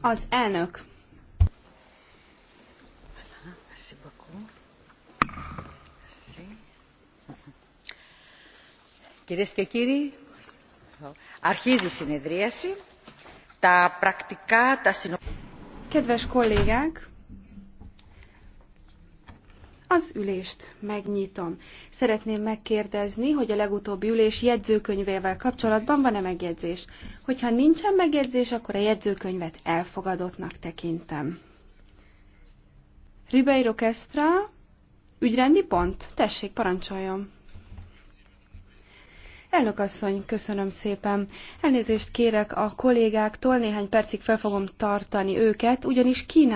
Az elnök. Κυρίες και κύριοι, αρχίζει η συνεδρίαση. Τα πρακτικά, τα συνοπτικά. Kedves κολλήγια, az ülést megnyitom. Szeretném megkérdezni, hogy a legutóbbi ülés jegyzőkönyvével kapcsolatban van-e megjegyzés. Hogyha nincsen megjegyzés, akkor a jegyzőkönyvet elfogadottnak tekintem. Ribeiro Kestra, ügyrendi pont. Tessék, parancsoljon. Elnök asszony, köszönöm szépen. Elnézést kérek a kollégáktól, néhány percig fel fogom tartani őket, ugyanis Kína